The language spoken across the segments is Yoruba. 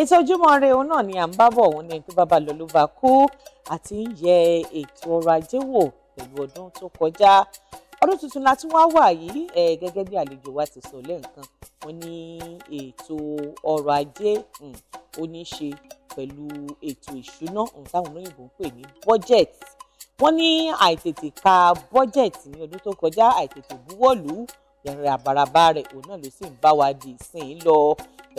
ètò ojúmọ́ rẹ òun náà ni à ń bá bọ̀ òun ni tó bá bá lọ ló bá kú àti ń yẹ ètò ọrọ̀ ajé wò pẹ̀lú ọdún tó kọjá ọdún tuntun la tún wá wà yìí gẹ́gẹ́ bí àlejò wa ti sọ lẹ́ẹ̀kan wọ́n ní ètò ọrọ̀ ajé hmm, ó pẹ̀lú ètò ìṣúná táwọn olóyìnbó ń pè ní budget wọ́n ní àìtètè ka budget ní ọdún tó kọjá àìtètè buwọ́lù ìrìn àbàràbà rẹ̀ òun náà ló sì ń bá wa dì sí lọ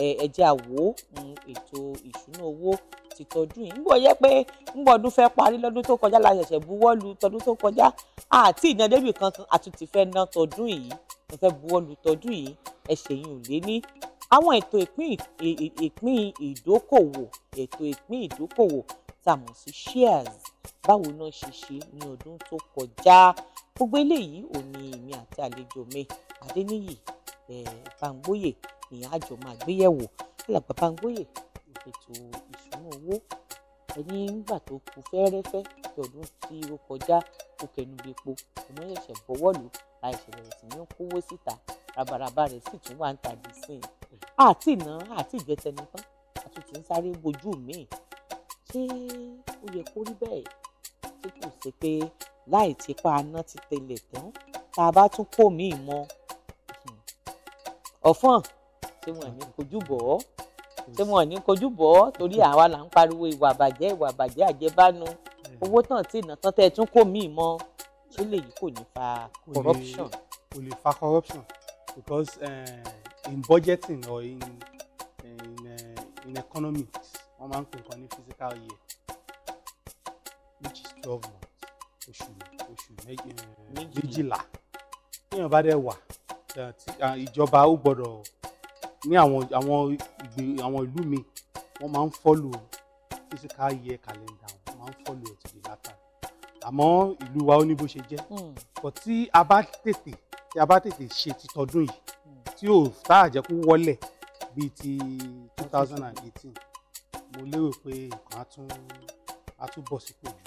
ẹ jẹ́ àwò mm, ètò ìṣúná owó ti tọdún yìí nígbà yẹ pé nígbà ọdún fẹ́ parí lọ́dún tó kọjá la ṣẹ̀ṣẹ̀ buwọ́ lu tọdún tó kọjá àti ìnádébì kankan àtúntì fẹ́ ná tọdún yìí mo fẹ́ buwọ́ lu tọdún yìí ẹ̀ṣẹ̀ yìí ò lé ní àwọn ètò ìpín ìdókòwò ètò ìpín ìdókòwò tá sí shares báwo náà ṣe ṣe ní ọdún tó kọjá gbogbo eléyìí òní èmi àti àlejò mi Adéníyì Eh, Báńgbóyè ní àjọ máa gbéyẹ̀wò alàgbà Báńgbóyè ìfètò ìṣúná owó ẹni nígbà tó kù fẹ́ẹ́rẹ́fẹ́ ti ọdún tí ó kọjá kò kẹnubẹ̀pọ̀ ọmọ ṣẹ̀ṣẹ̀ bọ́wọ́lù láìṣẹ̀ bẹ̀rẹ̀ sí ní kówó síta rabaraba rẹ̀ sì tún wà ń tàbí sí i àti ìná àti ìjẹtẹni tán àtúntì ń sáré wojú míì ṣé ó yẹ kó rí bẹ́ẹ̀ tí kò ṣe pé láì tipa aná ti tẹlẹ̀ tán tá a bá tún kó míì mọ́ ọ̀fọ̀n ṣé wọn ní kojú bọ̀ ọ́ ṣé wọn ní kojú bọ̀ ọ́ torí àwa là ń pariwo ìwà àbàjẹ́ ìwà àbàjẹ́ àjẹbánu owó tán tí ìnà tán tẹ́ ẹ tún kó míì mọ́ ṣé lèyí kò ní fa corruption. kò lè fa corruption because uh, in budgeting or in eh, in, uh, in economics wọ́n máa ń pè nǹkan ní physical year which is twelve months oṣù oṣù méjìlá téèyàn bá dẹ̀ wà Uh, ìjọba ó gbọ́dọ̀ ní àwọn àwọn ìlú mi wọ́n máa ń fọ́lù physical year calendar wọ́n máa ń fọ́lù ẹ̀ tìlẹ̀ látà ìlú wa ó ní bó ṣe jẹ́ hmm. but tí a bá tètè tí a bá tètè ṣe ti yìí hmm. tí ò tá àjẹkù wọlẹ̀ bíi ti two thousand and eighteen mo lérò pé nǹkan á tún á sípò jù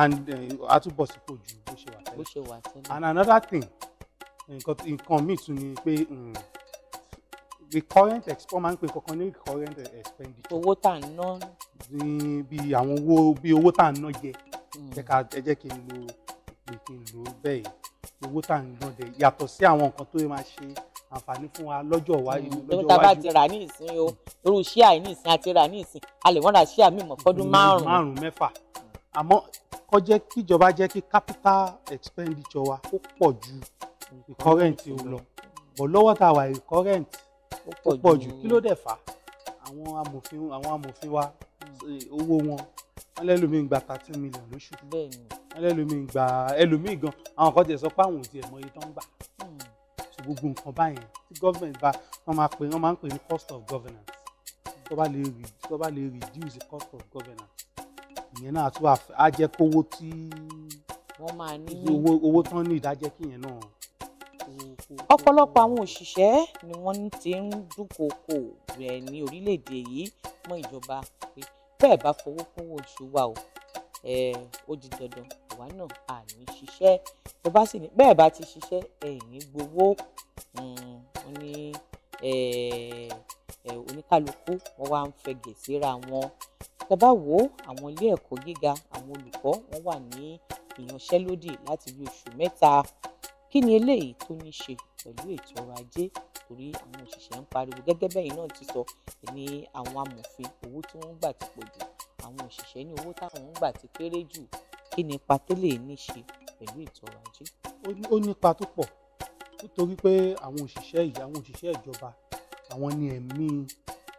and eh, á tún sípò jù bó ṣe wà tẹ́lẹ̀ and another thing nǹkan míì tún ni pé recurrent mm, expense máa ń pè kankan ní recurrent expenditure. owó tà ń ná. bí àwọn owó bí owó tà ń ná jẹ hmm. jẹ ká ẹ jẹ́ kí n lo pé kí n lò ó owó tà ń ná dẹ̀ yàtọ̀ sí àwọn nǹkan tó máa ṣe àǹfààní fún wa lọ́jọ́ iwájú. Hmm. lọ́jọ́ tá a bá ti rà ní ìsín o irú ṣíà ní ìsín àti rà ní ìsín a lè wọ́n ra ṣíà míì mọ́ fọ́dún márùn-ún. márùn-ún mẹ́fà àmọ́ kó kíjọba jẹ́ kí capital expenditure wa kó pọ̀ ju current ò lọ but lọ́wọ́ tá a wà current ó pọ̀ jù kí ló dẹ̀ fà á àwọn amòfin àwọn amòfin wa owó wọn wọn lẹ́lòmíì ń gba thirteen million lóṣù wọn lẹ́lòmíì ń gba ẹlòmíì gan àwọn kan tiẹ̀ sọ pé àwọn ò tiẹ̀ mọ iye tó ń gbà hmm. so gbogbo nǹkan báyìí tí government bá wọn máa pè wọn máa ń pè ní cost of governance tó bá lè tó bá lè reduce the cost of governance ìyẹn náà tún á jẹ́ kówó tí wọ́n máa ní owó tán ní ìdájẹ́ kí ìyẹn náà ọ̀pọ̀lọpọ̀ àwọn òṣìṣẹ́ ni wọ́n ti ń dúnkokò rẹ̀ ní orílẹ̀-èdè yìí mọ́ ìjọba pé bẹ́ẹ̀ bá fowó kúnwó oṣù wa o ó di dandan àwa náà à ní ṣiṣẹ́ tó bá sì ní bẹ́ẹ̀ bá ti ṣiṣẹ́ ẹ̀yìn gbowó hmm, wọ́n ní oníkálukú wọ́n wá ń fẹ̀gẹ̀ síra wọn tẹ́ wo àwọn ilé ẹ̀kọ́ gíga àwọn olùkọ́ wọ́n wà ní ìyanṣẹ́lódì láti bí oṣù mẹ́ta kí ni eléyìí tó ní ṣe pẹ̀lú ètò ọrọ̀ ajé torí àwọn òṣìṣẹ́ ń pariwo gẹ́gẹ́ bẹ́yìn náà ti sọ ní àwọn amòfin owó tí wọ́n ń gbà ti pọ̀ jù àwọn òṣìṣẹ́ ní owó táwọn ń gbà ti kéré jù kí ni ipa tẹ́lẹ̀ ní ṣe pẹ̀lú ètò ọrọ̀ ajé. ó ní ipa tó pọ̀ nítorí pé àwọn òṣìṣẹ́ yìí àwọn òṣìṣẹ́ ìjọba àwọn ni ẹ̀mí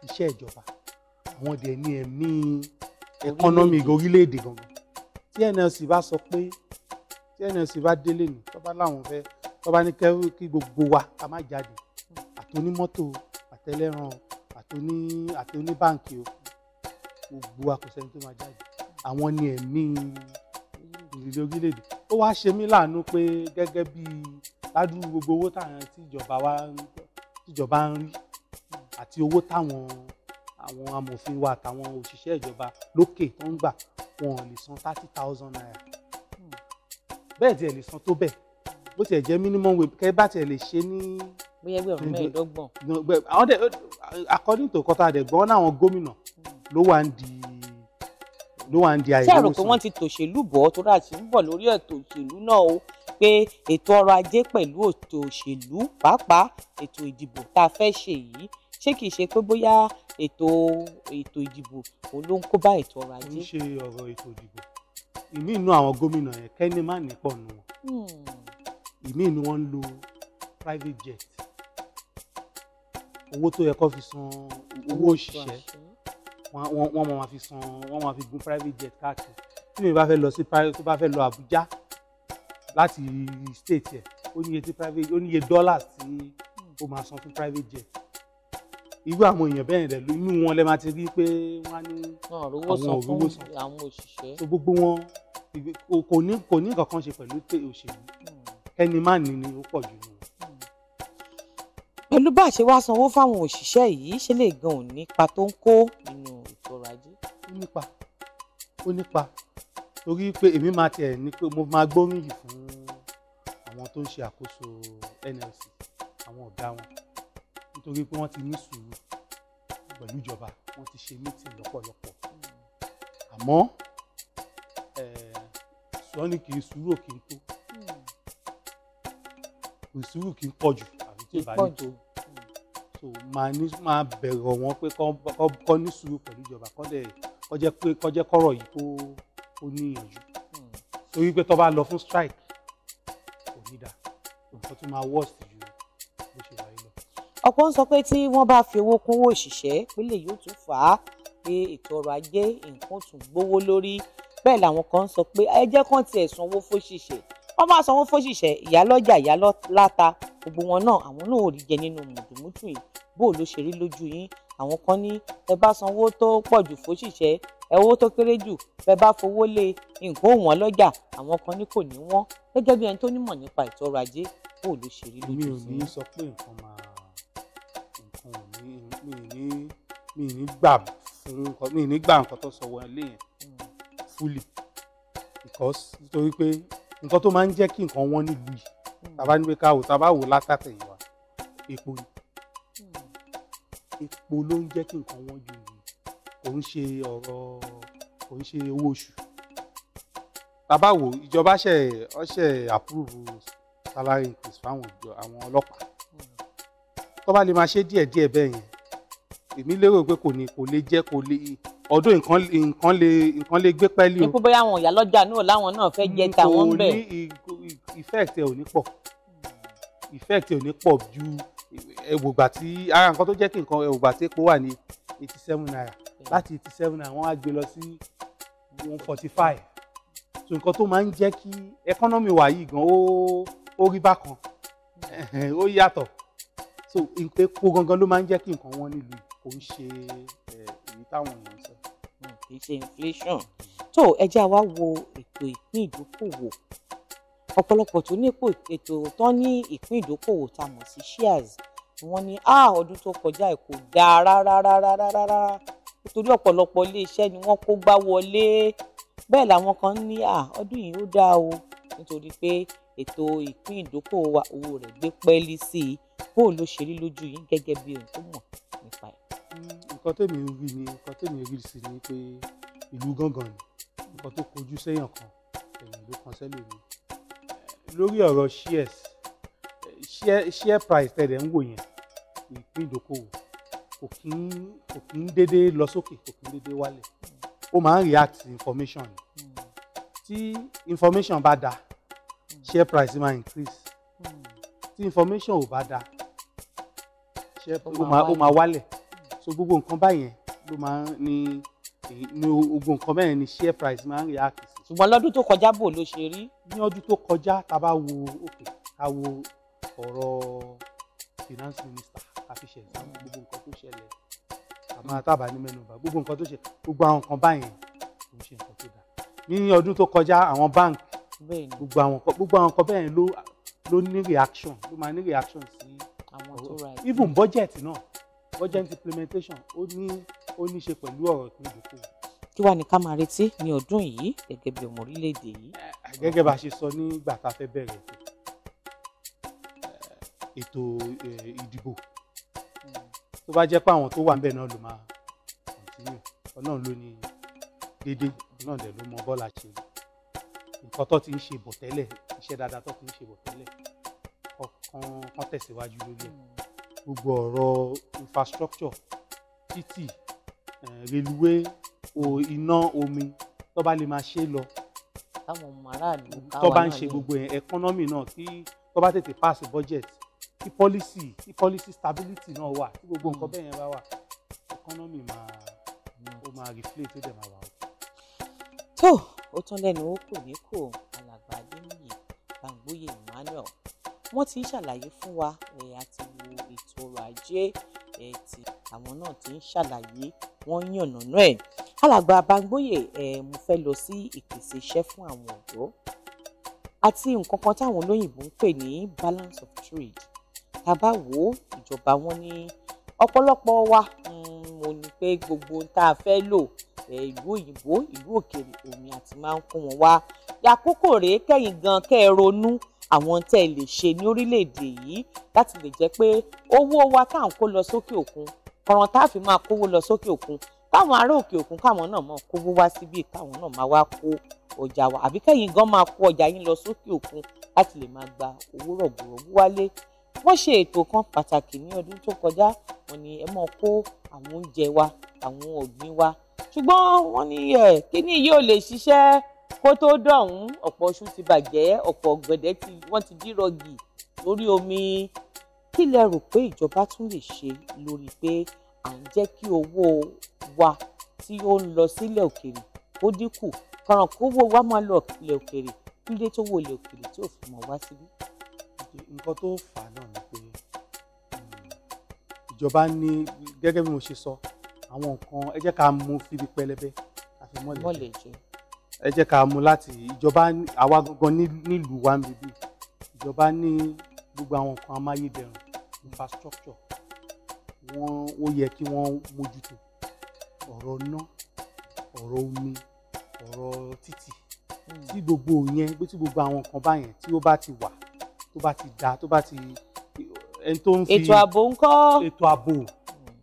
iṣẹ́ ìjọba àwọn dẹ̀ ni ẹ̀mí ẹkọ́nọ́mì orílẹ̀-èdè gangan tí bá sọ pé tí nlc bá délé ní tó bá láwọn fẹ́ tó bá ní kí gbogbo wa ká má jáde àtònímọ́tò àtẹlẹ́ran àtòní àtòní báǹkì o gbogbo wa kò sẹ́ni tó máa jáde àwọn ni ẹ̀mí ìrírí orílẹ̀-èdè ó wá ṣe mí láàánú pé gẹ́gẹ́ bí ládùúgbò gbogbo owó táwọn tíjọba wa tíjọba ń rí àti owó táwọn àwọn amòfin wa àtàwọn òṣìṣẹ́ ìjọba lókè tó ń gbà wọn ò lè san thirty thousand naira bẹ́ẹ̀ tiẹ̀ lè san tó bẹ́ẹ̀ bó tiẹ̀ jẹ́ minimum wage kẹ́ bá tiẹ̀ lè ṣe ní. bóyá ẹgbẹ́ ọ̀rọ̀ mẹ́ẹ̀ẹ́dọ́gbọ̀n. àwọn dẹ according to kọta àdẹ̀gbọ́n náà àwọn gómìnà ló wà ń di ló wà ń di àìlóòsàn. ṣé àrò pé wọ́n ti tòṣèlú bọ̀ tó rà sí ń bọ̀ lórí ètò òṣèlú náà o pé ètò ọrọ̀ ajé pẹ̀lú ètò òṣèlú pàápàá ètò ìdìbò tá a fẹ́ ṣe yìí ṣé kìí ṣe pé bóyá ètò ètò ìdìbò òun ló ń kó bá ètò ọrọ̀ ajé. ó ń ṣe ọ̀rọ̀ ètò ìdìbò ìmí inú àwọn gómìnà yẹn kẹ́ni má nípọ̀ nù wọn hmm. ìmí inú wọn ń lo private jet owó tó yẹ kó fi san owó òṣìṣẹ́ wọ́n máa fi san wọ́n máa fi gun private jet káàkiri tí mi bá fẹ́ lọ sí tó bá fẹ́ lọ Àbújá láti state yẹn ó níye tí private ó níye dollars tí ó máa san fún private jet irú àwọn èèyàn bẹ́ẹ̀ rẹ̀ inú wọn lẹ́ máa ti rí pé wọ́n á ní àwọn òróró san àwọn òṣìṣẹ́ so gbogbo wọn kò ní kò ní nǹkan ṣe pẹ̀lú òṣèlú ẹni má ní ni ó pọ̀ jù nù. pẹ̀lú bá a ṣe wá sanwó fáwọn òṣìṣẹ́ yìí ṣe lè gan òun nípa tó ń kó nínú ètò ọrọ̀ ajé. ó nípa ó nípa torí pé èmi máa tiẹ̀ ní pé mo máa gbóríyìn fún àwọn tó ń ṣe àkóso NLC àwọn ọ̀gá wọn torí pé wọ́n ti ní sùúrù pẹ̀lú ìjọba wọ́n ti ṣe meeting lọ́pọ̀lọpọ̀ àmọ́ sọ ni kì í sùúrù kì í tó kì hmm. í sùúrù kì í pọ̀ jù àbí tí ì bá ní tó hmm. so máa ní máa bẹ̀rọ̀ wọn pé kọ́ ní sùúrù pẹ̀lú ìjọba kọ́ dẹ̀ kọjẹ́ pé kọjẹ́ kọ́rọ̀ yìí tó ó níyànjú hmm. torí pé tó bá lọ fún strike kò ní dà nǹkan tó máa worst ọ̀pọ̀ ń sọ pé tí wọ́n bá fi owó kún owó òṣìṣẹ́ pé lè yóò tún fà á pé ètò ọrọ̀ ajé nǹkan tún gbówó lórí bẹ́ẹ̀ làwọn kan ń sọ pé ẹ jẹ́ kán tiẹ̀ sanwó fóṣìṣẹ́ wọ́n máa sanwó fóṣìṣẹ́ ìyálọ́jà ìyálọ́láta gbogbo wọn náà àwọn náà ò rí jẹ nínú mùdùmùdù yìí bó ló ṣe rí lójú yín àwọn kan ní ẹ bá sanwó tó pọ̀ jù fóṣìṣẹ́ ẹ owó tó kéré jù bẹ bá fowó lé nǹkan ò lọ́jà àwọn kan ní kò ní wọ́n gẹ́gẹ́ bí ẹni tó nímọ̀ nípa ètò ajé bó ló ṣe rí lójú yín. mi ò ní sọ pé nǹkan máa mi ní gbà fún nǹkan mi ní gbà nǹkan tó sọ wọlé yẹn fully because nítorí pé nǹkan tó máa ń jẹ́ kí nǹkan wọ́n nílùú yìí tàbá ní pé ká wò tàbá wò látàtẹ̀yìnwá epo ni epo ló ń jẹ́ kí nǹkan wọ́n jù ní kò ń ṣe ọ̀rọ̀ kò ń ṣe owó oṣù tàbá wò ìjọba ṣe ọṣẹ àpúrúvù salary increase fáwọn ọlọ́pàá tó lè máa ṣe díẹ̀díẹ̀ bẹ́ẹ̀ yẹn èmi lérò pé kò ní kò lè jẹ́ kò lè ọdún nǹkan nǹkan lè nǹkan lè gbé pẹ́lí o. ipò bóyá àwọn ìyá lọ́jà náà láwọn náà fẹ́ jẹ hmm, tàwọn ń kò ní effect ẹ̀ ò ní pọ̀ effect ẹ̀ ò ní pọ̀ ju ẹ̀wògbà tí ara nǹkan tó jẹ́ kí nǹkan ẹ̀wògbà tí epo wà ní eighty seven naira hmm. láti eighty seven naira wọ́n á gbé lọ sí one forty five so nǹkan tó máa ń jẹ́ kí economy wa yìí gan ó rí bákan ó yàtọ̀ so nǹkan epo gangan ló máa ń jẹ́ kí nǹkan wọ́n nílùú kò ń ṣe èyí táwọn èèyàn sọ. Hmm, kì í ṣe inflation tó ẹ jẹ́ àwa wo ètò ìpín ìdókòwò ọ̀pọ̀lọpọ̀ tó ní ètò tó ní ìpín ìdókòwò tá a mọ̀ sí shares wọ́n ní ah, ọdún tó kọjá ẹ̀ kò dáa rárá rárá rárá nítorí ọ̀pọ̀lọpọ̀ iléeṣẹ́ ni wọ́n kó gbá wọlé bẹ́ẹ̀ làwọn kan ní ọdún yìí ó dáa o nítorí pé ètò ìpín ìdókòwò owó rẹ̀ gbé pẹ́ẹ́lí sí i bóun ṣe rí lójú yín gẹ́gẹ́ bí ohun tó mọ̀ nípa ẹ̀ nǹkan tèmi wí ni nǹkan tèmi rí sí ni pé ìlú gangan ni nǹkan tó kojú sẹ́yìn kan ẹ̀yìn ló kan sẹ́lẹ̀ mi lórí ọ̀rọ̀ shares share share price tẹ̀lé ń wò yẹn ìpín ìdókòwò kò kí ń kò kí ń dédé lọ sókè kò kí ń dédé wálẹ̀ ó máa ń react information tí information bá da share price máa increase tí information ò bá da share price ó máa wálẹ̀ so gbogbo nǹkan báyẹn ló máa ń ní ní gbogbo nǹkan mẹ́rin ni share price máa ń react sí. ṣùgbọ́n lọ́dún tó kọjá bò ló ṣe rí. ní ọdún tó kọjá tá a bá wo òkè ká wo ọ̀rọ̀ finance minister àfihàn ìsàmù gbogbo nǹkan tó ṣẹlẹ̀ àmọ́ àtàbà ní mẹ́nuba gbogbo nǹkan tó ṣe gbogbo àwọn nǹkan báyẹn kò ń ṣe nǹkan tó dáa ní ọdún tó kọjá àwọn bank gbogbo àwọn gbogbo àwọn nǹkan bẹ́ẹ̀ ló ló ní reaction ló máa ní reaction sí àwọn tó ra even budget náà. No urgent implementation ó ní ó ní ṣe pẹ̀lú ọ̀rọ̀ ìpín ìdókòwò. kí wàá ní ká máa retí ní ọdún yìí gẹ́gẹ́ bí ọmọ orílẹ̀-èdè yìí. gẹ́gẹ́ bá a ṣe sọ nígbà tá a fẹ́ bẹ̀rẹ̀ ètò e, ìdìbò tó bá jẹ́ pé àwọn tó wà ń bẹ̀ náà ló máa kọ̀ntínú ọlọ́run ló ní dédé ọlọ́run dẹ̀ ló mọ bọ́ọ̀lù àṣẹ nǹkan tó ti ń ṣe bọ̀ tẹ́lẹ̀ iṣẹ́ dáadáa tó ti ń ṣe bọ̀ tẹ́lẹ̀ kọ́ tẹ̀síwájú lórí ẹ̀ gbogbo ọ̀rọ̀ infrastructure títì eh, reluwé iná omi tó bá lè máa ṣe lọ táwọn ọmọ aráàlú tó bá ń ṣe gbogbo yẹn economy náà kí tó bá tètè pass budget kí policy kí policy stability náà wà kí gbogbo nǹkan hmm. bẹ́ẹ̀ yẹn bá wà economy máa ó máa reflect ó dẹ̀ máa wà ó. tó o tán lẹ́nu ó kò ní kò alàgbà adéníyì gbàngbóyè emmanuel wọ́n ti ń ṣàlàyé fún wa ẹ̀yà àti ọrọ̀ ajé ẹ̀tì àwọn náà ti ń ṣàlàyé wọ́n yànnàná ẹ̀ alàgbà Bámgbóyè ẹ̀ mo fẹ́ lọ sí ìpèsè iṣẹ́ fún àwọn ọ̀dọ́ àti nǹkan kan táwọn olóyìnbó ń pè ní balance of trade tàbá wo ó ìjọba wọn ní ọ̀pọ̀lọpọ̀ wa hmm, mo ní pé gbogbo ohun tá a fẹ́ lò ìlú òyìnbó ìlú òkèèrè òní àti máa ń kó wọn wá yàkókò rèé kẹ́yìn gan kẹ́ ẹ ronú àwọn tẹ́ ẹ lè ṣe ní orílẹ̀-èdè yìí láti lè jẹ́ pé owó wa tá à ń kó lọ sókè òkun ọ̀ràn tá a fi máa kówó lọ sókè òkun káwọn ará òkè òkun káwọn náà máa kówó wá síbí káwọn náà máa wá kó ọjà wa àbí kẹ́yìn gan máa kó ọjà yín lọ sókè òkun láti lè máa gba owó rọ̀gbọ̀rọ̀gbọ̀ wálé wọ́n ṣe ètò kan pàtàkì ní ọdún tó kọjá wọ́n ní ẹ máa kó àwọn oúnjẹ wa àwọn ọ̀gbìn wa ṣùgbọ́n wọ́n ní ẹ̀ kíní yìí ò lè ṣiṣẹ́ kó tó dọ̀hún ọ̀pọ̀ ọṣù ti bàjẹ́ ọ̀pọ̀ ọ̀gẹ̀dẹ̀ tí wọ́n ti dírọ̀gì lórí omi kí lẹ rò pé ìjọba tún lè ṣe lórí pé à ń jẹ́ kí owó wa tí ó ń lọ sílẹ̀ òkèèrè ó dínkù kàràn kó owó wa máa lọ ilẹ̀ òkèèrè nílé tó wọ ilẹ̀ òkèèrè tí ò fi mọ̀ wá síbí. nǹkan tó fà á náà ni pé hmm, ìjọba ní gẹ́gẹ́ bí mo ṣe sọ àwọn nǹkan ẹ jẹ́ ká mú fíbi pẹlẹbẹ àfi mọ́lẹ̀ jẹ ẹ jẹ́ ká mú láti ìjọba àwa gangan nílùú wa ń bíbí ìjọba ní gbogbo àwọn nǹkan amáyédẹrùn infrastructure wọn ó yẹ kí wọ́n mójútó ọ̀rọ̀ iná ọ̀rọ̀ omi ọ̀rọ̀ títì hmm. tí gbogbo yẹn bí tí gbogbo àwọn nǹkan báyẹn tí ó bá ti wà tó bá ti da tó bá ti ẹni tó ń fi ètò ààbò ńkọ́ ètò ààbò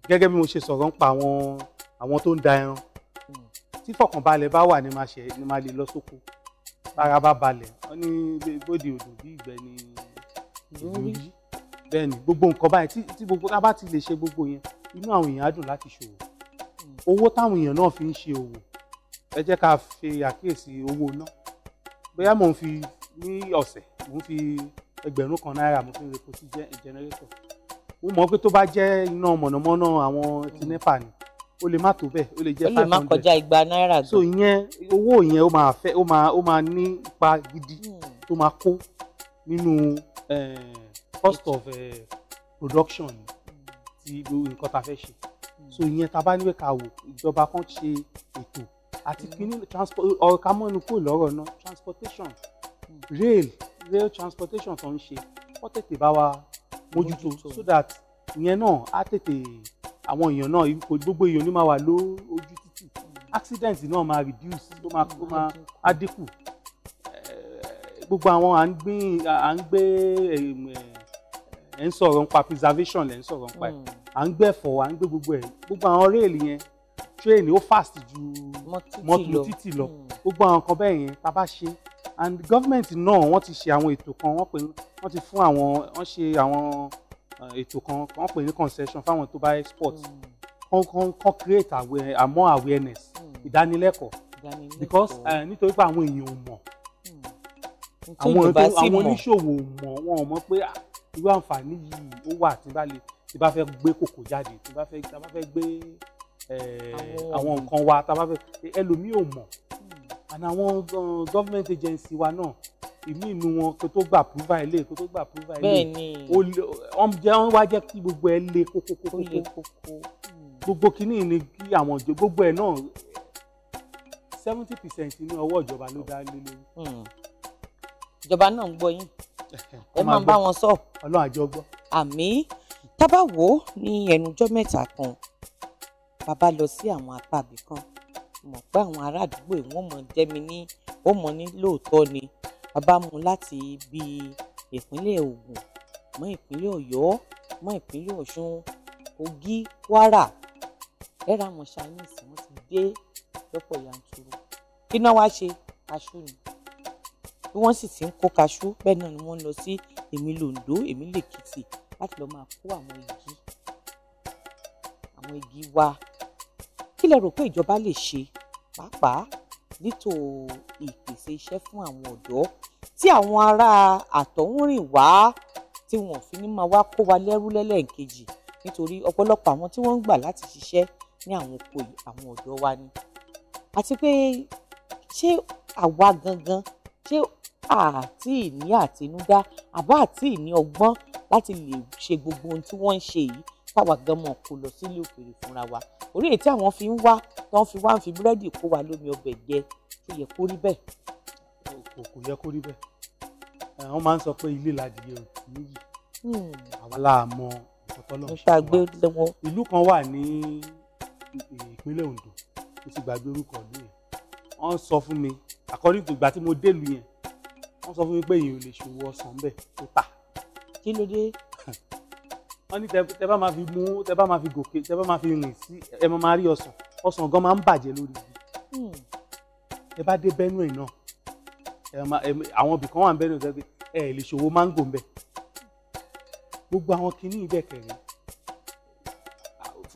gẹ́gẹ́ bí mo ṣe sọ̀rọ̀ ń pa àwọn àwọn tó ń da ẹran tí fọkànbalẹ̀ bá wà ní máa ṣe ní máa lè lọ sóko bára bá balẹ̀ wọ́n ní bóde odò bí ìgbẹ́ ni ìlú bẹ́ẹ̀ ni gbogbo nǹkan báyìí tí gbogbo tá bá ti lè ṣe gbogbo yẹn inú àwọn èèyàn á dùn láti ṣòwò hmm. owó táwọn èèyàn náà fi ń ṣe òwò ẹ jẹ́ ká fi àkíyèsí owó ná bóyá mò ń fi ní ọ̀sẹ̀ mò ń fi ẹgbẹ̀rún kan náírà mo fi ń repo sí jẹ́nẹrétọ̀ mo mọ̀ pé tó bá jẹ́ iná mọ̀nàmọ́ná àwọn ti nẹ́pà ni ó lè má tó bẹ́ẹ̀ ó lè jẹ́ five hundred ó lè má kọjá igba náírà gan. so ìyẹn owó yẹn o máa fẹ́ o máa o máa ní ipa gidi hmm. tó máa kó nínú cost of production ti nǹkan tá fẹ́ ṣe hmm. so ìyẹn tá a bá níwèé ká wò ìjọba kan ṣe ètò àti hmm. kíní transport ọ̀ọ́ká mọ́nu kò lọ́rọ̀ náà transportation rail rail transportation tó ń ṣe wọ́n tètè bá wa mójútó so that ìyẹn náà á tètè àwọn èèyàn náà gbogbo èèyàn ló máa wà lójú títì accident náà máa reduce ó máa ó máa á dínkù eh, gbogbo àwọn à ń gbìn à ń gbé eh, ẹ̀ ń sọ̀rọ̀ nípa preservation lẹ̀ ń sọ̀rọ̀ nípa ẹ̀ hmm. à ń gbẹ̀fọ̀ à ń gbé gbogbo ẹ̀ gbogbo àwọn réèlì yẹn train ó fast ju mọ́tò títì lọ hmm. gbogbo àwọn kan bẹ́ẹ̀ yẹn tá a bá ṣe and government náà wọ́n ti ṣe àwọn ètò kan wọ́n pè wọ́n ti fún àwọn wọ́n ṣe àwọn ètò kan kan pè ní concession fáwọn tó bá export kan kan kan create aware, more awareness hmm. ìdánilẹ́kọ̀ọ́ because eh, nítorí pé àwọn èèyàn ò mọ̀ hmm. àwọn oníṣòwò ò mọ̀ wọn ò mọ̀ pé ah, irú àǹfààní yìí ó wà tí bá lè tí bá fẹ́ gbé kòkó jáde tí bá fẹ́ tí bá fẹ́ gbé eh, àwọn nǹkan wa tí bá fẹ́ ẹlòmíì ò mọ̀ hmm. àwọn eh, government agency wa náà ìmí inú wọn kó tó gbà púrúvà ilé kó tó gbà púrúvà ilé bẹ́ẹ̀ni ọmọdé wọn wá jẹ́ kí gbogbo ẹ le kókókókó gbogbo kínní ni kí àwọn ìjọ gbogbo ẹ náà seventy percent ní ọwọ́ ìjọba ló dá lé lórí. Hmm. ìjọba náà ń gbọ́ yín ẹ máa ń bá wọn sọ. ọlọ́run àjọ gbọ́. àmì tábà wò ó ní ẹnujọ́ mẹ́ta kan bàbá lọ sí àwọn apá ibì kan mọ̀ pé àwọn ará àdúgbò yìí wọ́n mọ̀ jẹ́ ní ó mọ̀ ní lóòótọ́ ni a bá mú láti bí ìpínlẹ̀ Ògùn mọ́ ìpínlẹ̀ Ọ̀yọ́ mọ́ ìpínlẹ̀ Ọ̀ṣun Kogi Kwara ẹ ra àwọn Chinese wọ́n ti dé lọ́pọ̀ yanturu kí náà wá ṣe kaṣú ni bí wọ́n sì ti ń kó kaṣú bẹ́ẹ̀ náà ni wọ́n ń lọ sí èmi londo èmi lèkìtì láti lọ́ọ́ máa kó àwọn igi àwọn igi wa kí lẹ rò pé ìjọba lè ṣe pàápàá nítò ìpèsè iṣẹ́ fún àwọn ọ̀dọ́ tí àwọn ará àtọ̀húnrìnwá tí wọn fi ní máa wá kó wa lẹ́rú lẹ́lẹ́ǹkejì nítorí ọ̀pọ̀lọpọ̀ àwọn tí wọ́n ń gbà láti ṣiṣẹ́ ní àwọn oko yìí àwọn ọ̀dọ́ wa ni àti pé ṣé àwa gangan ṣé àti ní àtinúdá àbá àti ní ọgbọ́n láti lè ṣe gbogbo ohun tí wọ́n ń ṣe yìí táwa gan kó lọ sílé òkèèrè fúnra wa orí èyí tí àwọn fi ń wá tí wọ́n fi wá ń fi búrẹ́dì kó wa lómi ọbẹ̀ jẹ ṣe yẹ kó rí bẹ́ẹ̀ kò kò yẹ kó rí bẹ́ẹ̀ wọ́n máa ń sọ pé ilé ládìyẹ níyì hmm. àwa láàmọ ìfọtọ́lọ́ ìlú kan wà ní ìpínlẹ̀ Ondo mo ti gbàgbé orúkọ ìlú yẹn wọ́n sọ fún mi àkọ́rí ìgbà tí mo délùú yẹn wọ́n sọ fún mi pé èyí ò lè ṣòwò ọsàn bẹ́ẹ̀ tó tà. kí ló dé. wọ́n ní tẹ bá máa fi mú tẹ bá máa fi gòkè tẹ bá máa fi rìn sí ẹ máa rí ọsàn ọsàn gan máa ń bàjẹ́ lórí hmm. ẹ bá dé Benue náà àwọn ibì kan wà ń ní ọ̀sẹ̀ pé ẹ lè ṣòwò máńgò ń gbogbo àwọn kinní ibẹ̀ kẹrin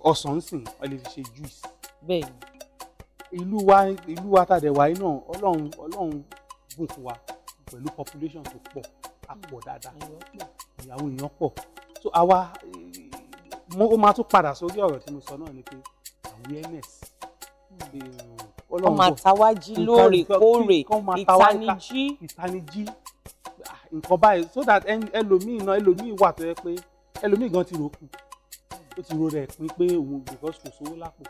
ọsàn sìn ẹ lè fi ṣe juice. bẹ́ẹ̀ni. ìlú wa ìlú wa tàdé wa iná Ọlọ́run Ọlọ́run bùkún wa pẹ̀lú population tó pọ̀ àpọ̀ dáadáa ìyàwó èèyàn pọ̀ so àwa mo máa tún padà sórí ọ̀rọ̀ tí mo sọ náà ni pé awareness. Hmm ọlọ́run bò ọmọ àtàwájí lóòrèkóòrè ìtanijí ìtanijí ah, nǹkan báyìí so that ẹlòmíì náà ẹlòmíì wà tó yẹ pé ẹlòmíì gan ti rò kù ó ti rò rẹ̀ pin pé òun because kò sówó lápò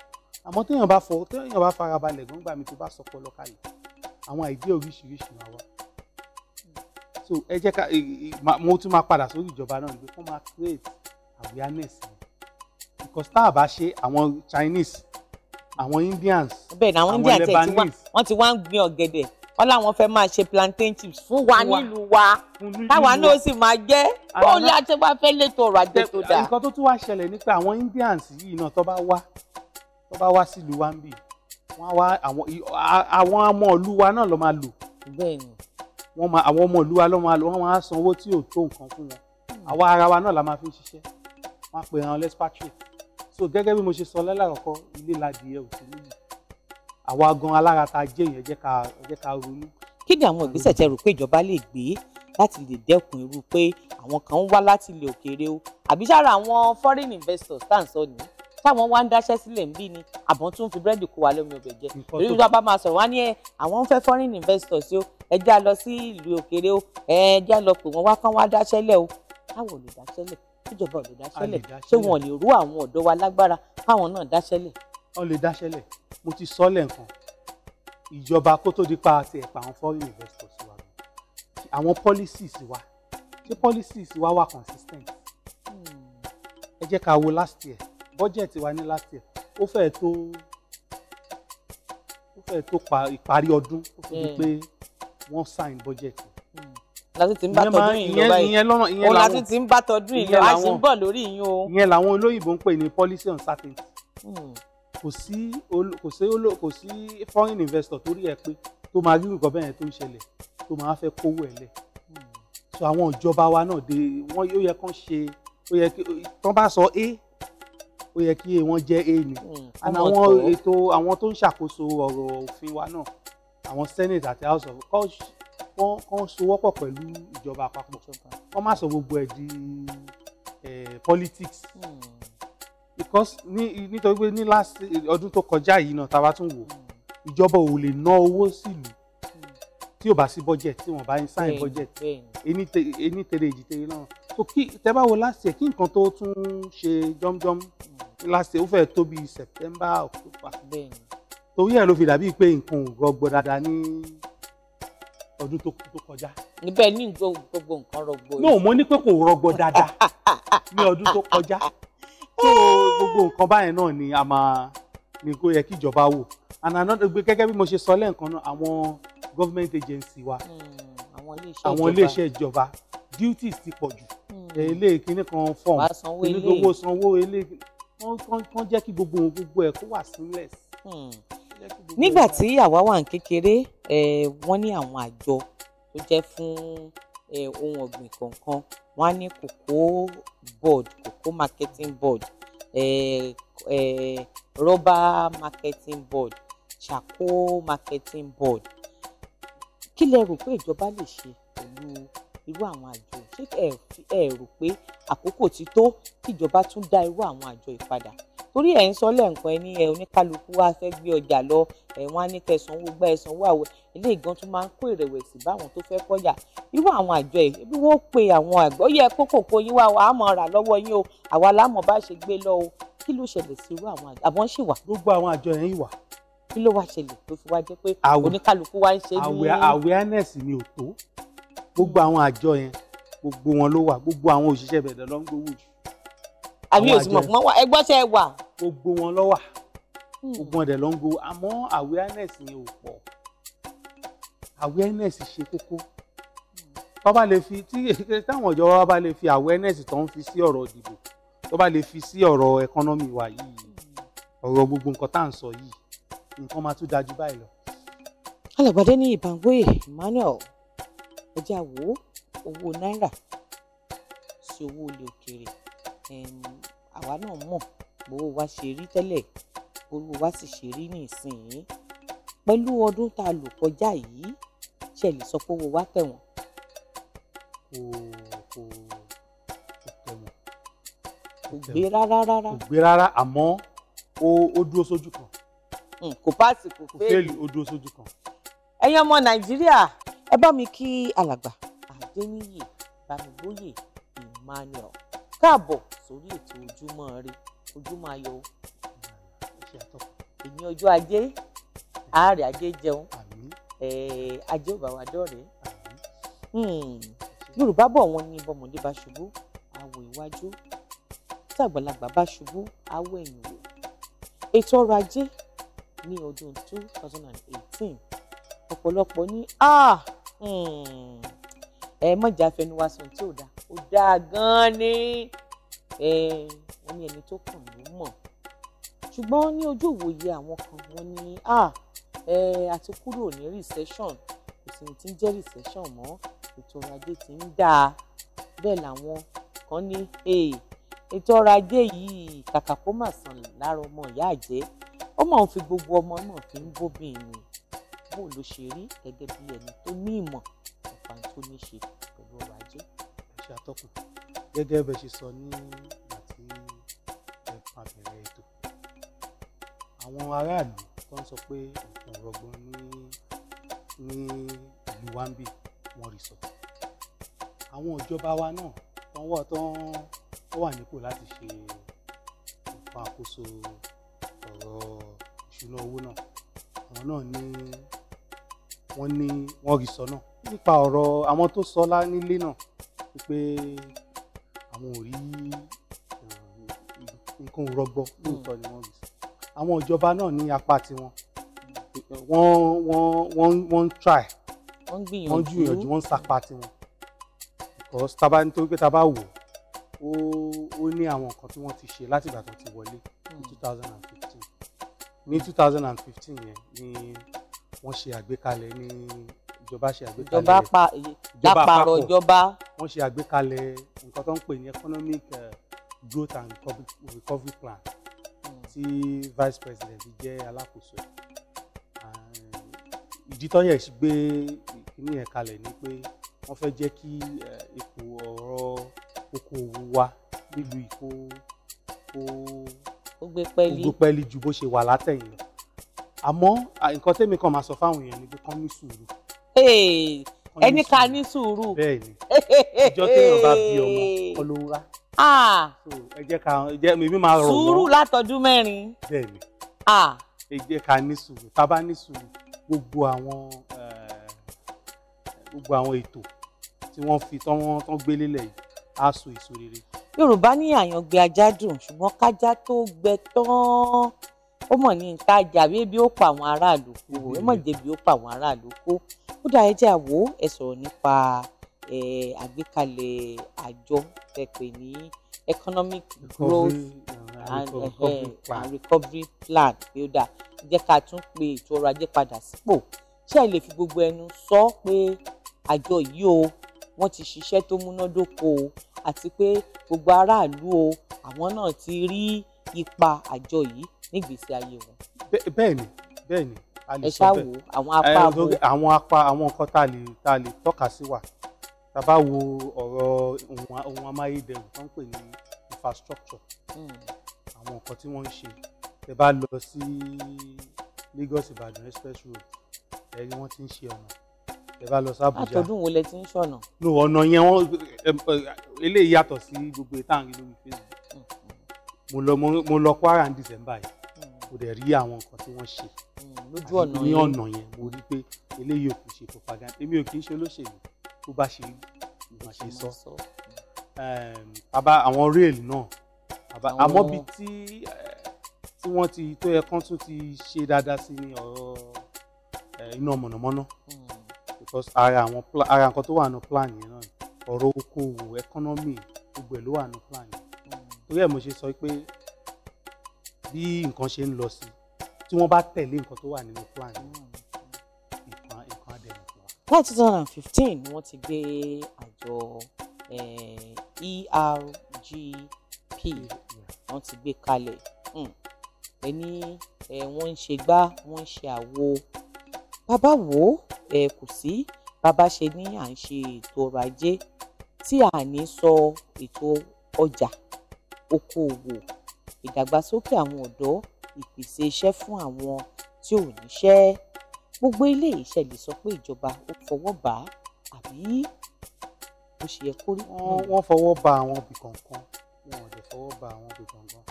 àmọ́ téèyàn bá fọ téèyàn bá fara balẹ̀ gan gbà mí tó bá sọpọ̀ lọ́kàlẹ̀ àwọn àìdí oríṣiríṣi máa wá so ẹ jẹ́ ká mo tún máa padà sórí ìjọba náà nígbà kó máa create awareness because tá a bá ṣe àwọn Chinese àwọn Indians bẹ́ẹ̀ ni àwọn Indians tẹ̀ ti wá wọ́n ti wá ń gbin ọ̀gẹ̀dẹ̀ wọ́n làwọn fẹ́ máa ṣe plantain chips fún wa nílùú wa táwa náà sì máa jẹ́ bóun ni a ti wá fẹ́ létò ọ̀rọ̀ ajé tó dáa. nǹkan tó tún wá ṣẹlẹ̀ ni pé àwọn Indians yìí náà tó bá wá tó bá wá sílùú wa ń bì wọ́n wá àwọn ọmọ ìlú wa náà ló máa lò. bẹ́ẹ̀ni wọ́n máa àwọn ọmọ ìlú wa ló máa lò wọ́n máa san owó tí ò tó nǹkan fún wọn àwa ara wa náà la máa fi ń ṣiṣẹ́ wọ́n á pè é hàn lẹ́sípátrì so gẹ́gẹ́ bí mo ṣe sọ lẹ́lẹ́kọ̀ọ́kọ́ ilé ladìyẹ ò sí níyì àwa gan alára ta jẹ́ yẹn jẹ́ ká jẹ́ ká ronú. kí ni àwọn ìgbésẹ̀ tẹ rò pé ìjọba lè gbé láti lè dẹ́kun irú pé àwọn kan ń wá láti ilẹ̀ òkèèrè o àbí sára àwọn foreign investors tá à ń sọ nìyí táwọn wá ń dáṣẹ́ sílẹ̀ ń bí ni àbọ̀n tún fi búrẹ́dì kó wa lómi ọbẹ̀ jẹ èyí tó bá máa sọ̀rọ̀ wá ní ẹ àwọn ń fẹ́ foreign investors o ẹ já lọ sí ìlú òkèèrè o ẹ já lọ pè wọ́n wá kán wá dáṣẹ́lẹ̀ o táwọn ò lè dáṣẹ́lẹ̀ tíjọba ò lè dáṣẹ́lẹ̀ ṣé wọn ò lè rú àwọn ọ̀dọ́ wa lágbára káwọn náà dáṣẹ́lẹ̀. wọn lè dáṣẹ́lẹ̀ mo ti sọ lẹ́ǹkan ìjọba kó tó di pa àti ẹ̀pà àwọn foreign investors wa àwọn policies wa ṣé policies wa wà consistent hmm. ẹ jẹ́ ká wo last year budget wa ní last year ó fẹ́ tó ó fẹ́ tó ìparí ọdún ó fi di pé wọ́n sign budget wa láti ti ń bá tọdún yìí lọ báyìí ìyẹn lọ́nà ìyẹn làwọn òun láti ti ń bá tọdún yìí lọ a sì ń bọ̀ lórí yín o. ìyẹn làwọn olóyìnbó ń pè ní policy uncertainty. Hmm. kò sí kò sí kò sí foreign investor tó rí ẹ pé tó máa rí nǹkan bẹ́ẹ̀ tó ń ṣẹlẹ̀ tó máa fẹ́ kówó ẹ̀ lẹ̀. so àwọn ìjọba wa náà de wọ́n yóò yẹ kán ṣe ó yẹ kí tán bá sọ a ó yẹ kí wọ́n jẹ́ a ni. Hmm. àwọn ètò àwọn tó ń ṣàkóso ọ̀rọ̀ òfin wa náà àwọn senate àti house of kán sowọ́pọ̀ pẹ̀lú ìjọba àpapọ̀ kán má sọ gbogbo ẹ̀ di eh, politics hmm. because nítorí pé ní last ọdún tó kọjá yìí náà tàbá tún wò hmm. ìjọba ò lè ná owó sílùú hmm. tí ò bá sí budget tí wọn bá ń sign budget ení tèrè èjì tèrè náà so kí tẹ́ bá wo last year kí nǹkan tó tún ṣe jọ́mjọ́m last year ó fẹ́ tó bí September October torí ẹ̀ ló fi dàbí pé nǹkan ò rọgbọ dáadáa ní ọdún tó kọjá. níbẹ̀ ní gbogbo nǹkan rọgbọ. náà mo ní pé kò rọgbọ dáadáa ní ọdún tó kọjá tó gbogbo nǹkan báyẹn náà ni a máa ní kó yẹ kí ìjọba wò and another gbé gẹ́gẹ́ bí mo ṣe sọ lẹ́ẹ̀kan náà àwọn government agency wa hmm, àwọn iléeṣẹ́ ìjọba duties ti pọ̀ jù hmm. ilé ìkíní kan form ìní gbogbo sanwó ilé kan jẹ́ kí gbogbo gbogbo ẹ̀ kó wà seamless. Hmm nígbà tí àwa wà ní kékeré wọ́n ní àwọn àjọ tó jẹ́ fún ohun ọ̀gbìn kọ̀ọ̀kan wọ́n ní kòkó board kòkó marketing board rubber marketing board charcoal marketing board kí lẹ rò pé ìjọba lè ṣe pẹ̀lú irú àwọn àjọ ṣé ẹ rò pé àkókò ti tó kíjọba tún dá irú àwọn àjọ yìí padà torí ẹ̀ ń sọ lẹ́ǹkan ẹ ní ẹ oníkálukú wá fẹ́ gbé ọjà lọ ẹ̀wọ̀n á ní kẹsànwó gbá ẹ̀sánwó àwẹ̀ ilé ìgan tún máa ń kó ìrẹ̀wẹ̀sì báwọn tó fẹ́ kọ́jà irú àwọn àjọ ẹ̀ bí wọ́n pe àwọn àgbọ̀ yẹ kókòkò yín wá wàá mọ̀ rà lọ́wọ́ yín o àwa lámọ̀ bá ṣe gbé lọ o kí ló ṣẹlẹ̀ sí irú àwọn àjọ àbọ̀n ṣì wà. gbogbo àwọn àjọ yẹn yìí wà. kí ló wá ṣẹlẹ̀ tó fi wá jẹ́ pé oníkálukú wá ń ṣe ní. awareness ni ò tó gbogbo àwọn àjọ yẹn gbogbo wọn ló wà gbogbo àwọn òṣìṣẹ́ bẹ̀rẹ̀ lọ́ ń àbí òsùnmọ̀ fún wa ẹgbọ́n tẹ wà. gbogbo wọn lọ wà hmm. gbogbo wọn dẹ̀ ló ń go àmọ́ awareness yẹn ò pọ̀ awareness ṣe kókó tó bá lè fi tí táwọn ìjọba bá lè fi awareness tó ń fi sí ọ̀rọ̀ ìdìbò tó bá lè fi sí ọ̀rọ̀ economy wa yìí ọ̀rọ̀ gbogbo nǹkan tá à ń sọ yìí nǹkan máa tún dájú báyìí lọ. alàgbàdé ní ìbàngbóyè Emmanuel ọjà wo owó náírà sí owó ilé òkèèrè àwa náà mọ̀ bówó wa ṣe rí tẹ́lẹ̀ bówó wa sì ṣe rí nísìnyí pẹ̀lú ọdún tá a lò kọjá yìí ṣe lè sọ pé owó wa tẹ̀wọ̀n. kò kò kò tẹ̀wọ̀n. kò gbé rárá rárá. kò gbé rárá àmọ́ ó ó dúró sójú kan. kò páàsì kò fẹ́ẹ̀lì. kò fẹ́ẹ̀lì ó dúró sójú kan. ẹ̀yin ọmọ nàìjíríà ẹ bá mi kí alàgbà adéníyì bámigbóyè emmanuel káàbọ̀ sórí ètò ojúmọ́ ire ojúmọ́ ayọ̀ èyí ọjọ́ ajé àárẹ̀ ajé jẹun ajé ò bá wa dọ̀rẹ́ hmm, yorùbá bọ̀ wọ́n ní bọ́mọdé bá ṣubú àwọ̀ iwájú tàgbàlagbà bá ṣubú àwọ̀ ẹ̀yìn wò ètò ọrọ̀ ajé ní ọdún two thousand and eighteen ọ̀pọ̀lọpọ̀ ní ah, hmm, ẹ mọ̀jà fẹnuwa sùn tí ò dáa ó dáa gan-an ní ẹni ẹni tó kàn ló mọ̀ ṣùgbọ́n ní ojú òwòye àwọn kan wọ́n ní àti kúrò ní recession kò sì ní ti ń jẹ́ recession mọ́ ètò ọrọ̀ ajé ti ń dáa bẹ́ẹ̀ làwọn kan ní ètò ọrọ̀ ajé yìí kàkà kó má sàn lára ọmọ ìyá àjẹ́ ó mọ̀ ń fi gbogbo ọmọ náà fi ń bóbìn ni bó ló ṣe rí gẹ́gẹ́ bí ẹni tó ní ìmọ̀ nípa tó ní ṣe pẹ̀lú ọrọ̀ ṣe atọ́kùn gẹ́gẹ́ bẹ́ẹ̀ ṣe sọ ní ìgbà tí ẹ pa bẹ̀rẹ̀ ètò àwọn aráàlú tó ń sọ pé nǹkan rọgbọn ní ní ìlú wambi wọn rí sọ àwọn ìjọba wa náà wọn wà tán wọn wà nípò láti ṣe nǹkan àkóso ọ̀rọ̀ ìṣúná owó náà àwọn náà ní wọ́n ní wọ́n rí sọ náà nípa ọ̀rọ̀ àwọn tó sọ lá nílé náà wípé àwọn ò rí eh, nǹkan rọgbọ lóòótọ́ hmm. ni wọ́n rí àwọn ìjọba náà ní apá tiwọn wọ́n wọ́n wọ́n wọ́n try wọ́n gbìyànjú wọ́n ń tiwọn because tá a bá pé tá wò ó ó ní àwọn nǹkan tí wọ́n ti ṣe láti ìgbà tó ti wọlé ní hmm. two thousand and fifteen ní two thousand and fifteen yẹn ni wọ́n ṣe àgbékalẹ̀ ní ìjọba ṣe àgbékalẹ̀ ìjọba àpapọ̀ ìjọba wọ́n ṣe àgbékalẹ̀ nǹkan tó ń pè ní economic uh, growth and recovery plan tí vice president jẹ́ alákòóso ìdí tó yẹ gbé ìkíní yẹn kalẹ̀ ni pé wọ́n fẹ́ jẹ́ kí eh, ipò ọ̀rọ̀ okòòwò wa nílùú yìí kó kó gbé pẹ́ẹ́lí ju bó ṣe wà látẹ̀yìn lọ àmọ́ nǹkan tẹ́mi kan máa sọ fáwọn èèyàn ni pé kán ní sùúrù ẹni ká ní sùúrù. bẹ́ẹ̀ni ìjọ téèyàn bá bí ọmọ ọlọwà. Ah. ẹ jẹ́ ká ẹ jẹ́ mi máa rọ̀ wọ́n. sùúrù látọdún mẹ́rin. bẹ́ẹ̀ni ah. ẹ jẹ́ ká ní sùúrù tá a bá ní sùúrù gbogbo àwọn eh, gbogbo àwọn ètò tí wọ́n fi tán tán gbélé lẹ̀ yìí á so èso rere. yorùbá ní àyàngbé ajá dùn ṣùgbọ́n kájá tó gbẹ tán ó mọ̀ ní ìtajà bí ebi ó pa àwọn aráàlú kú ó mọ̀ jẹ́ bí ó pa àwọn aráàlú kú ó dà ẹ jẹ́ a wò ẹ sọ̀rọ̀ nípa àgbékalẹ̀ àjọ tẹ̀pẹ̀ ní economic growth uh, and recovery plan pé ó dà jẹ́ ká tún pe ètò ọrọ̀ ajé padà sípò ṣé ẹ lè fi gbogbo ẹnu sọ pé àjọ yìí o wọ́n ti ṣiṣẹ́ tó múnádóko o àti pé gbogbo aráàlú o àwọn náà ti rí ipa àjọ yìí nígbésí ayé wọn. bẹ́ẹ̀ni bẹ́ẹ̀ni lè sọ bẹ́ẹ̀ àwọn apá àwọn nǹkan tá a lè tá a lè tọ́ka sí wa tá a bá wo ọ̀rọ̀ ohun amáyédẹrùn tó ń pè ní infrastructure hmm. àwọn nǹkan tí wọ́n ń ṣe tẹ́ bá lọ sí Lagos Ìbàdàn express road ẹ rí wọ́n ti ń ṣe ọ̀nà ẹ bá lọ sí Abuja àtọ̀dún wo lẹ ti ń ṣọ̀nà. no ọ̀nà yẹn wọ́n eléyìí yàtọ̀ sí gbogbo ìta àrùn lórí Facebook hmm. mo lọ Kwara ní December yìí kò hmm. dẹ̀ rí àwọn nǹkan tí wọ́n ṣe. Mm lójú ọ̀nà yẹn ní ọ̀nà yẹn mo rí pé eléyìí ò kì í ṣe propaganda èmi ò kì í ṣe olóṣèlú tó bá ṣe mà ṣe sọ bàbá àwọn rail náà àmọ́ bí tí eh, tí wọ́n ti tó yẹ kán tún ti ṣe dáadáa sí ní ọ̀rọ̀ eh, iná mọ̀nàmọ́ná hmm. because ara àwọn ara nǹkan tó wà nù plan yẹn náà ọ̀rọ̀ okòwò economy gbogbo ẹ̀ ló wà nù plan yẹn hmm. torí ẹ̀ mo ṣe sọ pé bí nǹkan ṣe ń lọ sí tí wọ́n bá tẹ̀lé nǹkan tó wà nínú plan hmm. nǹkan nǹkan adẹ̀rùn fún wa. nine two thousand and fifteen ni wọ́n ti gbé àjọ ergp eh, e wọ́n ti gbé kalẹ̀ hmm. ẹni wọ́n ń ṣe gbá wọ́n ń ṣe àwo bàbá wò kò sí bàbá ṣe ní à ń ṣe ètò ọrọ̀ ajé tí a ní sọ ètò ọjà okòòwò ìdàgbàsókè àwọn ọ̀dọ́ ìpèsè iṣẹ́ fún àwọn tí ò níṣẹ́ gbogbo eléyìí ṣe lè sọ pé ìjọba ó fọwọ́ bà á àbí bó ṣe yẹ kó rí. wọ́n fọwọ́ bà àwọn ibì kọ̀ọ̀kan wọn ò lè fọwọ́ bà àwọn ibì kọ̀ọ̀kan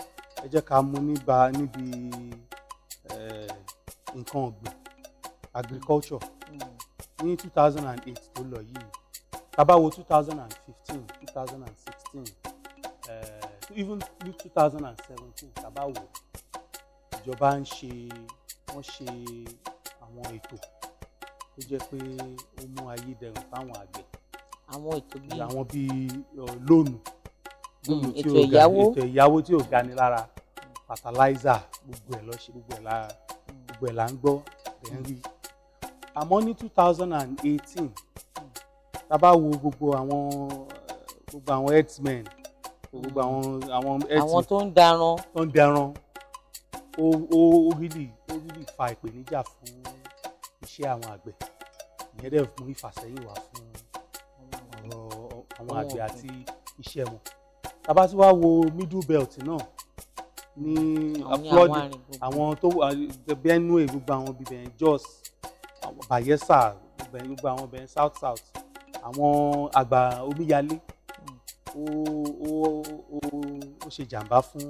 ẹ jẹ́ ká mú níbà níbi eh, nǹkan ọ̀gbìn agriculture hmm. ní two thousand and eight tó lọ yìí tá two thousand and fifteen two thousand and sixteen eh, even two thousand and seventeen tá bá wo ìjọba ń ṣe wọ́n ṣe àwọn ètò tó jẹ́ pé ó mú ayé dẹrùn fáwọn àgbẹ̀. àwọn ètò bíi àwọn bíi lóònù hmm, lóònù tí ó ga ètò ìyáwó tí ò gani lára fertilizer gbogbo ẹ̀ lọ ṣe gbogbo ẹ̀ la gbogbo ẹ̀ la ń gbọ́ ẹ̀ ń rí àmọ́ ní two thousand and eighteen tá a wo gbogbo àwọn gbogbo àwọn herdsmen gbogbo àwọn àwọn herdsmen àwọn tó ń daran tó ń daran ó ó ó really ó really fa ìpèníjà fún iṣẹ́ àwọn àgbẹ̀ ìyẹn dẹ̀ mú ìfàsẹ́yìn wá fún ọ̀rọ̀ àwọn àgbẹ̀ àti iṣẹ́ wọn tàbá tí wàá wo middle belt náà ní applaud àwọn tó Benue gbogbo àwọn ibẹ̀ yẹn Jos Bayelsa gbogbo àwọn ibẹ̀ yẹn south south àwọn àgbà omíyalé hmm. ó ó ó ó ṣe jàǹbá fún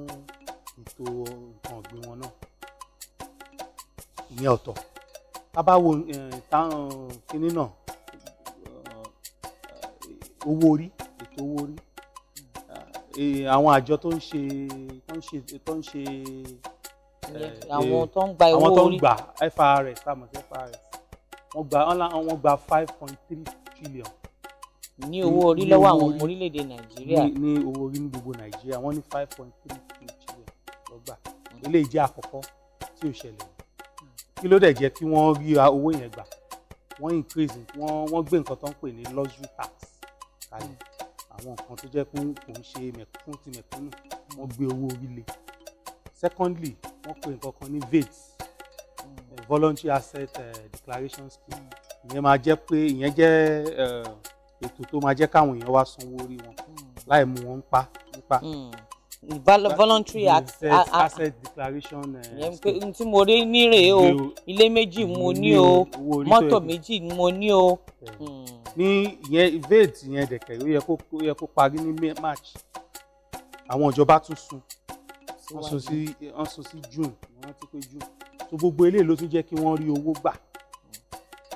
ètò nǹkan ọ̀gbìn wọn náà ìyẹn ọ̀tọ̀ tá a bá wo táwọn kinní náà owó orí ètò owó orí àwọn àjọ tó ń ṣe tó ń ṣe tó ń ṣe àwọn tó ń gba owó orí àwọn tó ń gba FRS àmọ́ sí FRS wọ́n gba wọ́n gba five point three trillion ní owó orí lọ́wọ́ àwọn ọmọ orílẹ̀-èdè nàìjíríà ní owó orí ní gbogbo nàìjíríà wọ́n ní five point three trillion gbà eléyìí jẹ́ àkọ́kọ́ tí ó ṣẹlẹ̀ kí ló dẹ̀ jẹ́ kí wọ́n rí owó yẹn gbà wọ́n increase wọ́n wọ́n gbé nǹkan tó ń pè ní luxury tax kalẹ̀ àwọn nǹkan tó jẹ́ pé kò ń ṣe fún ti mẹ̀kúnnù wọ́n gbé owó orí le secondly wọ́n pè nǹkan kan ní VAT eh, voluntary asset eh, declaration scheme ìyẹn máa jẹ́ pé ìyẹn jẹ́ eh, ètò tó máa jẹ́ káwọn èèyàn wá sanwó orí wọn láì mú wọn pa nípa hmm voluntary act asset declaration. Eh, n tí mo rí ní rèé o ilé méjì mo ní o mọ́tò méjì mo ní o. Hmm. ní ìyẹn evade yẹn dẹ̀kẹ̀ ó yẹ kó parí ní march àwọn ìjọba tún sún wọ́n sún sí june wọ́n ti pé june so gbogbo eléyìí ló tún jẹ́ kí wọ́n rí owó gbà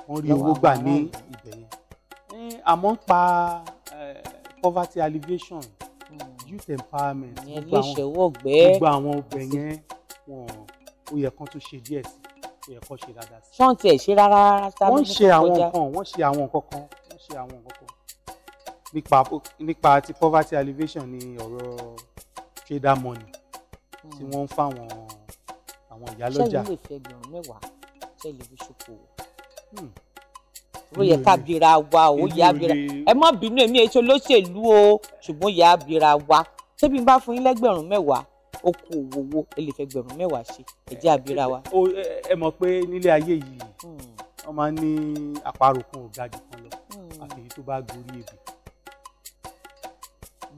wọ́n rí owó gbà ní ibẹ̀ yẹn àmọ́ ń pa eh, poverty alleviation youth empowerment gbogbo àwọn gbogbo àwọn ọbẹ̀ yẹn wọn ó yẹ kán tó ṣe díẹ̀ sí ó yẹ kán ṣe dáadáa sí. ṣọ́ọ̀tì ẹ̀ ṣe rárá rárá. wọ́n ṣe àwọn nǹkan wọ́n ṣe àwọn nǹkan kan wọ́n ṣe àwọn nǹkan kan nípa nípa ti poverty alleviation ni ọ̀rọ̀ trader money tí hmm. wọ́n ń fáwọn àwọn ìyálọ́jà. ṣé ìlú ìfẹ́ gbọ̀n mẹ́wàá ṣé ìlú ìṣòkòwò ó yẹ ká bira wa ó yẹ abira ẹ má bínú èmi ètò olóṣèlú o ṣùgbọ́n ó yẹ wa ṣé n bá fún yín lẹ́gbẹ̀rún mẹ́wàá ó kú ẹ lè fẹ́ gbẹ̀rún mẹ́wàá ṣe ẹ jẹ́ abira wa. ẹ mọ̀ pé nílé ayé yìí wọ́n máa ń ní àparòkò ọ̀gá jù kan lọ hmm. àfi tó bá gorí ebè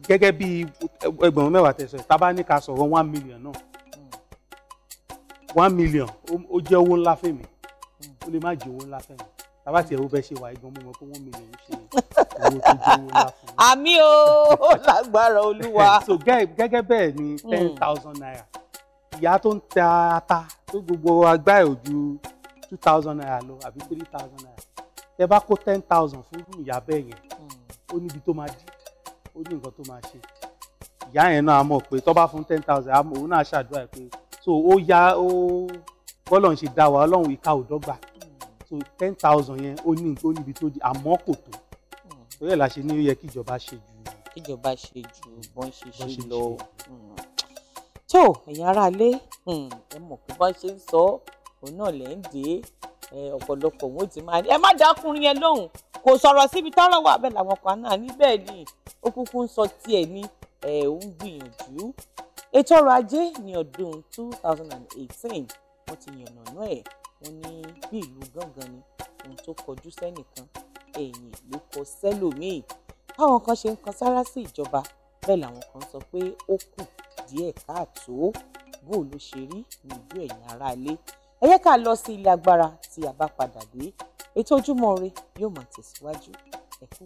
gẹ́gẹ́ bí ẹgbẹ̀rún mẹ́wàá tẹ̀sán tá a ní ká sọ̀rọ̀ one million náà hmm. one million ó jẹ́ owó ńlá fèmí hmm. ó lè má jẹ́ owó ńlá fèmí bàbá tiẹ̀ wo bẹ́ẹ̀ ṣe wà igan mú wọn wọ́n mìíràn ṣe owó tó àmì o lágbára olúwa. so gẹ́gẹ́ bẹ́ẹ̀ ni ten hmm. thousand naira ìyá tó ń ta ata tó gbogbo agbá ẹ̀ ò ju two thousand naira lọ àbí three thousand naira tẹ bá kó ten thousand fún ìyá bẹ́ẹ̀ yẹn hmm. ó níbi tó máa dí ó ní nǹkan tó máa ṣe ìyá yẹn náà á mọ̀ pé tó bá fún ten thousand òun náà ṣàdúrà pé so ó yá ó bọ́lọ̀ ń ṣe dá wa ọlọ́run ìka ò dọ́gba so ten thousand yẹn ó ní nǹkan níbi tó di àmọ́ kò tó hmm. torí ẹ̀ la ṣe ní ó yẹ kí ìjọba ṣe jù. kíjọba ṣe jù hmm. bọ́n ṣe ṣe lọ hmm. tó ẹ̀yin aráalé ẹ mọ̀ pé bá ṣe ń sọ òun náà lẹ́ ń dé ọ̀pọ̀lọpọ̀ wọn ò ti máa ní ẹ má dákùnrin yẹn lóhùn kò sọ̀rọ̀ síbi tọ́rọ̀ wà bẹ́ẹ̀ làwọn kan náà níbẹ̀ ni ó kúkú ń sọ tiẹ̀ ní ẹ̀ ń gbìyànjú ètò ọrọ̀ ajé ní ọdún two thousand and eighteen wọ́n ti yànnàná ẹ̀ wọ́n ní bí ìlú gángan ni ohun tó kọjú sẹ́nìkan ẹ̀yìn ló kọ sẹ́lòmíì táwọn kan ṣe ń kan sára sí ìjọba bẹ́ẹ̀ làwọn kan sọ pé ó kù díẹ̀ káàtó bó ló ṣe rí níjú ẹ̀yìn aráalé ẹ ká lọ sí ilé agbára tí a bá padà dé ètò ojúmọ́ ire yóò máa tẹ̀síwájú ẹ kú